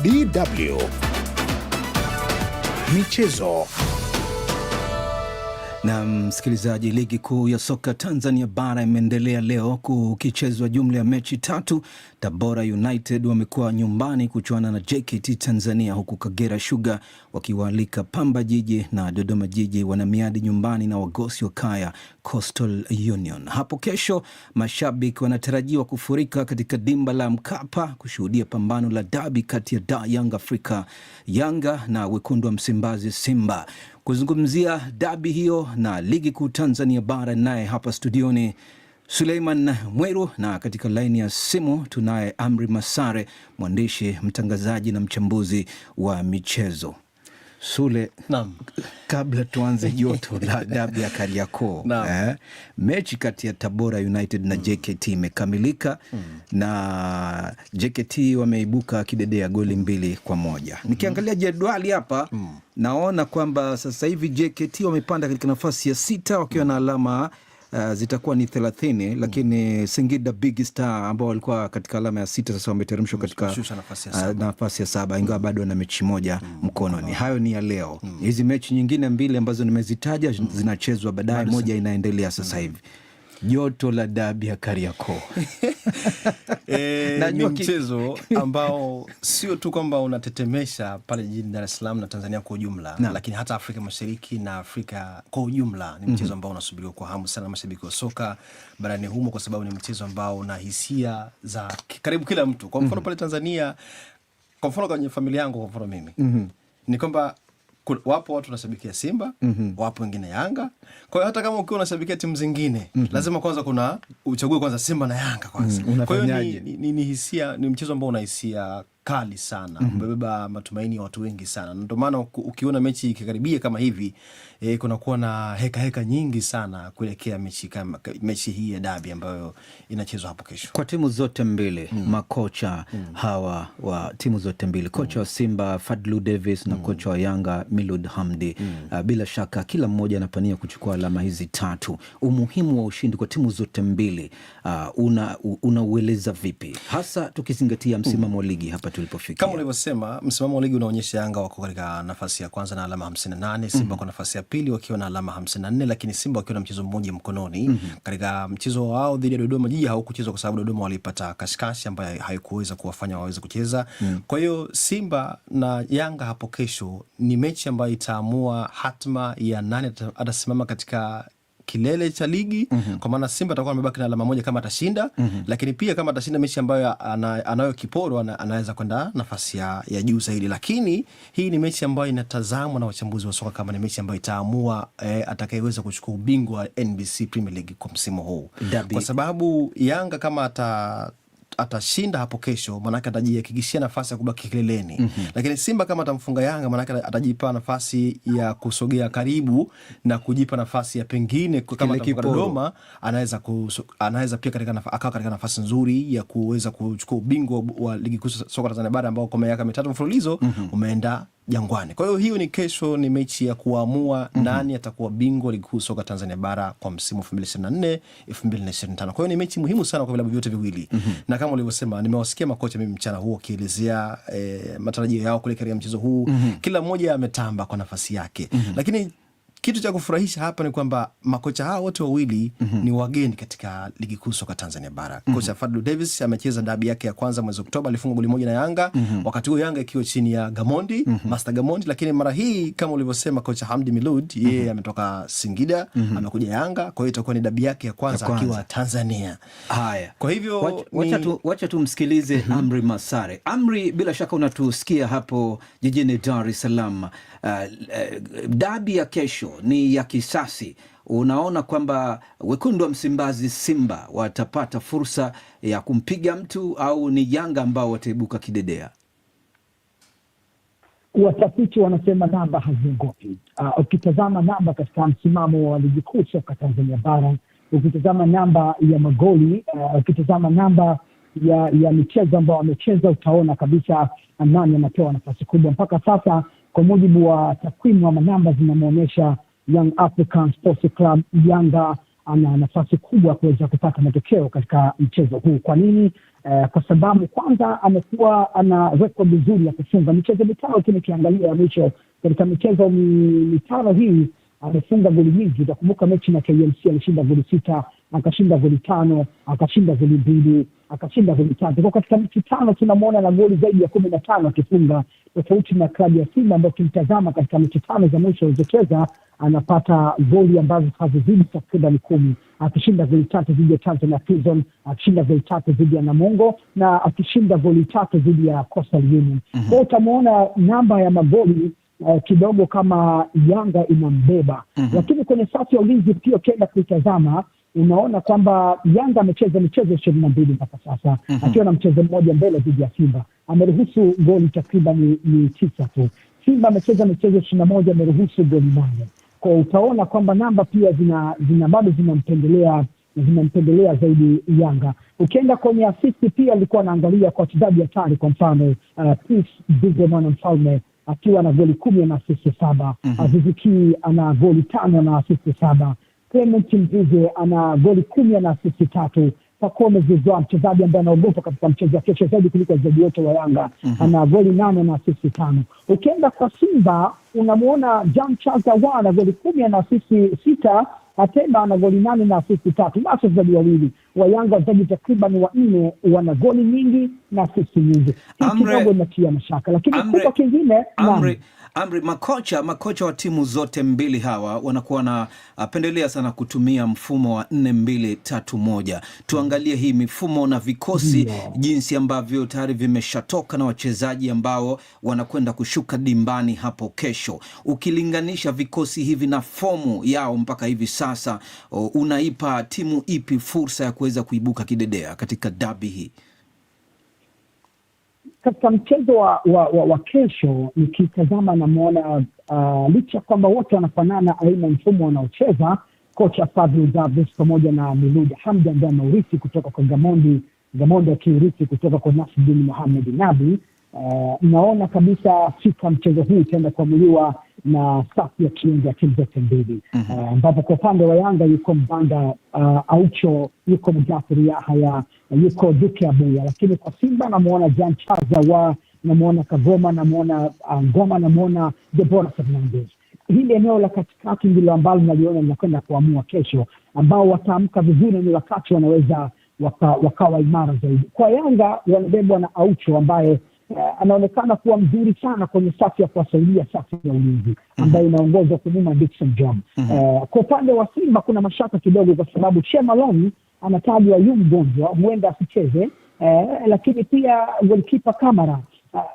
DW Michezo na msikilizaji, ligi kuu ya soka Tanzania bara imeendelea leo kukichezwa jumla ya mechi tatu. Tabora United wamekuwa nyumbani kuchuana na JKT Tanzania, huku Kagera Sugar wakiwaalika Pamba Jiji na Dodoma Jiji wana miadi nyumbani na wagosi wa kaya Coastal Union. Hapo kesho mashabiki wanatarajiwa kufurika katika dimba la Mkapa kushuhudia pambano la dabi kati ya da Yanga Yanga na wekundu wa Msimbazi Simba kuzungumzia dabi hiyo na ligi kuu Tanzania bara, naye hapa studioni Suleiman Mweru, na katika laini ya simu tunaye Amri Masare, mwandishi, mtangazaji na mchambuzi wa michezo. Sule, naam. Kabla tuanze joto la dabi ya Kariakoo eh, mechi kati ya Tabora United na mm. JKT imekamilika mm. na JKT wameibuka kidedea goli mm. mbili kwa moja mm -hmm. Nikiangalia jedwali hapa mm. naona kwamba sasa hivi JKT wamepanda katika nafasi ya sita wakiwa mm. na alama uh, zitakuwa ni thelathini, mm. lakini Singida Big Star ambao walikuwa katika alama ya sita sasa wameteremshwa mm, katika eh, nafasi ya saba, ingawa mm. bado na mechi moja mkononi. Hayo ni ya leo. Hizi mechi nyingine mbili ambazo nimezitaja zinachezwa baadaye, moja inaendelea sasa hivi joto la dabi ya Kariakoo. E, ni mchezo ambao sio tu kwamba unatetemesha pale jijini Dar es Salaam na Tanzania kwa ujumla na, lakini hata Afrika Mashariki na Afrika kwa ujumla. Ni mhm. mchezo ambao unasubiriwa kwa hamu sana mashabiki wa soka barani humo, kwa sababu ni mchezo ambao una hisia za karibu kila mtu. Kwa mfano mhm. pale Tanzania, kwa mfano kwenye familia yangu, kwa mfano mimi mm -hmm. ni kwamba wapo watu wanashabikia Simba mm -hmm. wapo wengine Yanga. Kwa hiyo hata kama ukiwa unashabikia timu zingine mm -hmm. lazima kwanza kuna uchague kwanza Simba na Yanga kwanza mm -hmm. kwa hiyo ni, ni, ni hisia ni mchezo ambao una hisia kali sana mm -hmm. Umebeba matumaini ya watu wengi sana, na ndio maana ukiona mechi ikikaribia kama hivi e, eh, kunakuwa na heka heka nyingi sana kuelekea mechi kama mechi hii ya dabi ambayo inachezwa hapo kesho kwa timu zote mbili mm -hmm. Makocha mm -hmm. hawa wa timu zote mbili, mm. kocha mm -hmm. wa Simba Fadlu Davis na mm -hmm. kocha wa Yanga Milud Hamdi mm -hmm. bila shaka kila mmoja anapania kuchukua alama hizi tatu. Umuhimu wa ushindi kwa timu zote mbili uh, ah, unaueleza una vipi, hasa tukizingatia msimamo wa mm -hmm. ligi hapa hapa tulipofikia. Kama ulivyosema, msimamo wa ligi unaonyesha Yanga wako katika nafasi ya kwanza na alama 58, Simba mm -hmm. kwa nafasi ya pili wakiwa na alama 54, lakini Simba wakiwa na mchezo mmoja mkononi mm -hmm. katika mchezo wao dhidi ya Dodoma Jiji haukuchezwa kwa sababu Dodoma walipata kashikashi ambayo haikuweza kuwafanya waweze kucheza mm -hmm. kwa hiyo Simba na Yanga hapo kesho ni mechi ambayo itaamua hatma ya nani atasimama katika kilele cha ligi mm -hmm. Kwa maana Simba atakuwa amebaki na alama moja kama atashinda mm -hmm. Lakini pia kama atashinda mechi ambayo ana, anayo kiporo ana, anaweza kwenda nafasi ya, ya juu zaidi, lakini hii ni mechi ambayo inatazamwa na wachambuzi wa soka kama ni mechi ambayo itaamua eh, atakayeweza kuchukua ubingwa wa NBC Premier League kwa msimu huu Dabi. Kwa sababu Yanga kama ata atashinda hapo kesho, manake atajihakikishia nafasi ya kubaki kileleni mm -hmm. Lakini Simba kama atamfunga Yanga, manake atajipa nafasi ya kusogea karibu na kujipa nafasi ya pengine kama Dodoma anaweza anaweza pia akawa katika nafasi nzuri ya kuweza kuchukua ubingwa wa ligi kuu soka Tanzania bara ambao kwa miaka mitatu mfululizo mm -hmm. umeenda Jangwani. Kwa hiyo hiyo ni kesho, ni mechi ya kuamua mm -hmm. nani atakuwa bingwa ligi kuu soka Tanzania bara kwa msimu 2024 2025. Kwa hiyo ni mechi muhimu sana kwa vilabu vyote viwili mm -hmm. na kama ulivyosema, nimewasikia makocha mimi mchana huo wakielezea eh, matarajio yao kule katika mchezo huu mm -hmm. kila mmoja ametamba kwa nafasi yake mm -hmm. lakini kitu cha kufurahisha hapa ni kwamba makocha hao wote wawili mm -hmm. ni wageni katika ligi kuu soka Tanzania bara. mm -hmm. Kocha Fadlu Davis amecheza dabi yake ya kwanza mwezi Oktoba, alifunga goli moja na Yanga mm -hmm. wakati huo Yanga ikiwa chini ya Gamondi mm -hmm. Master Gamondi, lakini mara hii kama ulivyosema kocha Hamdi Milud yeye mm -hmm. ametoka Singida mm -hmm. amekuja Yanga, kwa hiyo itakuwa ni dabi yake ya kwanza, ya kwanza akiwa Tanzania. Haya, kwa hivyo wacha, ni... tu, wacha tumsikilize mm -hmm. Amri Masare. Amri, bila shaka unatusikia hapo jijini Dar es Salaam. Uh, uh, dabi ya kesho hiyo ni ya kisasi. Unaona kwamba wekundu wa Msimbazi Simba watapata fursa ya kumpiga mtu au ni Yanga ambao wataibuka kidedea? Watafiti wanasema namba haziogopi. Ah, ukitazama namba katika msimamo wa ligi kuu soka Tanzania bara, ukitazama namba ya magoli uh, ukitazama namba ya ya michezo ambao wamecheza, utaona kabisa nani anapewa nafasi kubwa mpaka sasa. Kwa mujibu wa takwimu ama namba zinamwonyesha Young African Sports Club, Yanga ana nafasi kubwa ya kuweza kupata matokeo katika mchezo huu. Kwa nini? Eh, kwa sababu kwanza amekuwa ana rekodi nzuri ya kufunga michezo mitano kile kiangalia ya mwisho katika michezo mitano hii amefunga goli nyingi. Utakumbuka mechi na KMC alishinda goli sita akashinda goli tano, akashinda goli mbili, akashinda goli tatu. Kwa katika mechi tano tunamwona na goli zaidi ya kumi na tano akifunga, tofauti na klabu ya Simba ambayo ukimtazama katika mechi tano za mwisho alizocheza anapata goli ambazo hazizidi takriban kumi, akishinda goli tatu dhidi ya Tanzania Prison, akishinda goli tatu dhidi ya Namungo na akishinda goli tatu dhidi ya Coastal Union. Mhm. Kwa hiyo utamwona namba ya magoli Uh, kidogo kama Yanga inambeba mhm. Lakini kwenye safu ya ulinzi pia ukienda kuitazama unaona kwamba Yanga amecheza michezo ishirini na mbili mpaka sasa mhm. akiwa na mchezo mmoja mbele dhidi ya Simba, ameruhusu goli takriban ni tisa tu. Simba amecheza michezo ishirini na moja ameruhusu goli nane kwa utaona kwamba namba pia zina, zina bado zinampendelea zimempendelea zaidi Yanga. Ukienda kwenye asisi pia alikuwa anaangalia kwa wachezaji hatari, kwa mfano uh, mwana mfalme akiwa na goli kumi ana asisi saba. Mhm. azizikii ana goli tano na asisi saba. Clement Chimzize ana goli kumi, ana asisti tatu. Pacome Zuzwa mchezaji ambaye anaogopa katika mchezo wa kesho zaidi kuliko wachezaji wote wa Yanga mm -hmm. ana goli nane na asisti tano. Ukienda kwa Simba unamwona Jean Charles Ahoua ana goli kumi ana asisti sita. Atemba ana goli nane na asisti tatu. Basi wachezaji wawili wa Yanga, wachezaji takriban wanne wana goli nyingi na asisti nyingi, hii kidogo inatia mashaka, lakini kubwa kingine Amri, makocha makocha wa timu zote mbili hawa wanakuwa wanapendelea ah, sana kutumia mfumo wa nne mbili tatu moja. Tuangalie hii mifumo na vikosi yeah, jinsi ambavyo tayari vimeshatoka na wachezaji ambao wanakwenda kushuka dimbani hapo kesho. Ukilinganisha vikosi hivi na fomu yao mpaka hivi sasa, oh, unaipa timu ipi fursa ya kuweza kuibuka kidedea katika dabi hii? Katika mchezo wa, wa, wa, wa kesho nikitazama, namwona uh, licha ya kwamba wote wanafanana aina mfumo wanaocheza, kocha Fadlu Davis pamoja na Miluda Hamdi ambaye ameurithi kutoka kwa Gamondi Gamondi akiurithi kutoka kwa Nasruddin muhamedi Nabi Eh, naona kabisa sifa mchezo huu utaenda kuamuliwa na safu ya kiungo ya timu zote mbili mhm. eh, ambapo kwa upande wa Yanga yuko Mbanda uh, Aucho yuko Mjafiri Yahaya yuko Duke Abuya, lakini kwa Simba namuona Jan wa namuona Kagoma namwona uh, ah, Ngoma Debora Fernandez. Hili eneo la katikati ndilo ambalo naliona linakwenda kuamua kesho, ambao wataamka vizuri ni wakati wanaweza wakawa waka imara zaidi. Kwa Yanga wanabebwa na Aucho ambaye uh, anaonekana kuwa mzuri sana kwenye safu ya kuwasaidia safu ya ulinzi mhm. ambayo inaongozwa kunyuma Dickson John. Uh, kwa upande wa Simba kuna mashaka kidogo, kwa sababu Che Malone anatajwa yu mgonjwa, huenda asicheze uh, lakini pia golkipa Kamara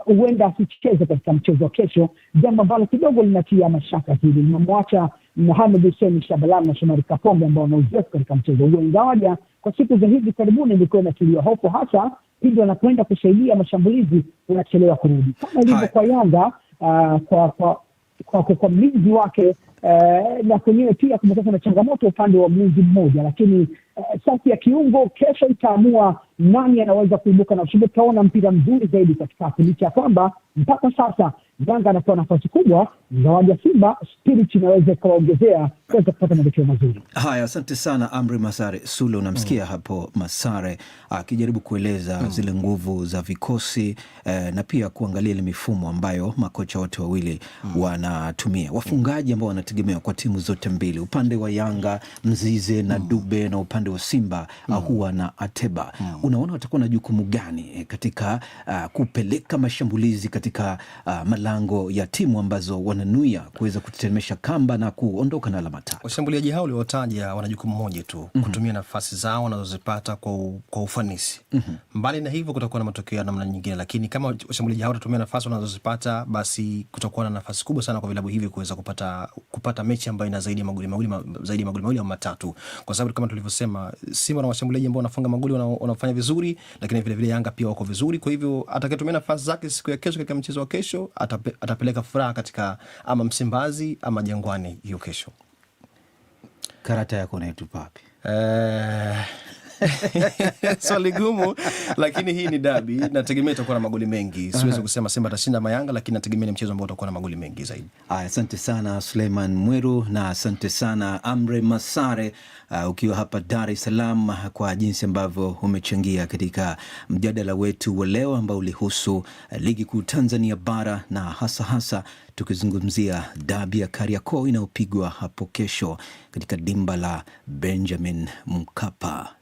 huenda uh, asicheze katika mchezo wa kesho, jambo ambalo kidogo linatia mashaka hili. Limemwacha Mohamed Hussein Shabalala na Shomari Kapombe ambao wanauzoefu katika mchezo huo, ingawaja kwa siku za hivi karibuni ilikuwa inatiliwa hofu hasa pindi wanapoenda kusaidia mashambulizi wanachelewa kurudi kama ilivyo kwa Yanga uh, kwa kwa kwa, kwa, kwa mlinzi wake uh, na kwenyewe pia kumekuwa kuna changamoto upande wa mlinzi mmoja, lakini uh, eh, safu ya kiungo kesho itaamua nani anaweza kuibuka na ushindi. Tutaona mpira mzuri zaidi katikati, licha ya kwamba mpaka sasa Yanga anapewa nafasi kubwa, ingawaji ya Simba spirit inaweza ikawaongezea kuweza kupata matokeo mazuri. Haya, asante sana Amri Masare Sule. Unamsikia mm. hapo Masare akijaribu kueleza mm. zile nguvu za vikosi eh, na pia kuangalia ile mifumo ambayo makocha wote wawili mm. wanatumia, mm. wafungaji ambao wanategemewa kwa timu zote mbili, upande wa Yanga Mzize na mm. Dube na upande wa Simba mm. huwa na Ateba mm. unaona watakuwa na jukumu gani eh, katika uh, kupeleka mashambulizi katika uh, malango ya timu ambazo wananuia kuweza kutetemesha kamba na kuondoka na alama tatu. Washambuliaji hao uliowataja wana jukumu moja tu, mm -hmm. kutumia nafasi zao wanazozipata kwa, kwa ufanisi mm -hmm. mbali na hivyo kutakuwa na matokeo ya namna nyingine, lakini kama washambuliaji hao watatumia nafasi wanazozipata, basi kutakuwa na nafasi kubwa sana kwa vilabu hivi kuweza kupata, kupata mechi ambayo ina zaidi ya magoli mawili zaidi ya magoli mawili au matatu, kwa sababu kama tulivyosema, Simba na washambuliaji ambao wanafunga magoli wanafanya vizuri, lakini vilevile Yanga pia wako vizuri. Kwa hivyo atakayetumia nafasi zake siku ya kesho katika mchezo wa kesho ata atape, atapeleka furaha katika ama Msimbazi ama Jangwani hiyo kesho. Karata yako naitupa wapi? Eh, swali gumu, lakini hii ni dabi, nategemea itakuwa na magoli mengi. Siwezi kusema Simba atashinda mayanga, lakini nategemea ni mchezo ambao utakuwa na magoli mengi zaidi. Aya, asante sana Suleiman Mweru na asante sana Amre Masare, uh, ukiwa hapa Dar es Salaam kwa jinsi ambavyo umechangia katika mjadala wetu wa leo ambao ulihusu uh, ligi kuu Tanzania bara na hasa hasa tukizungumzia dabi ya Kariakoo inayopigwa hapo kesho katika dimba la Benjamin Mkapa.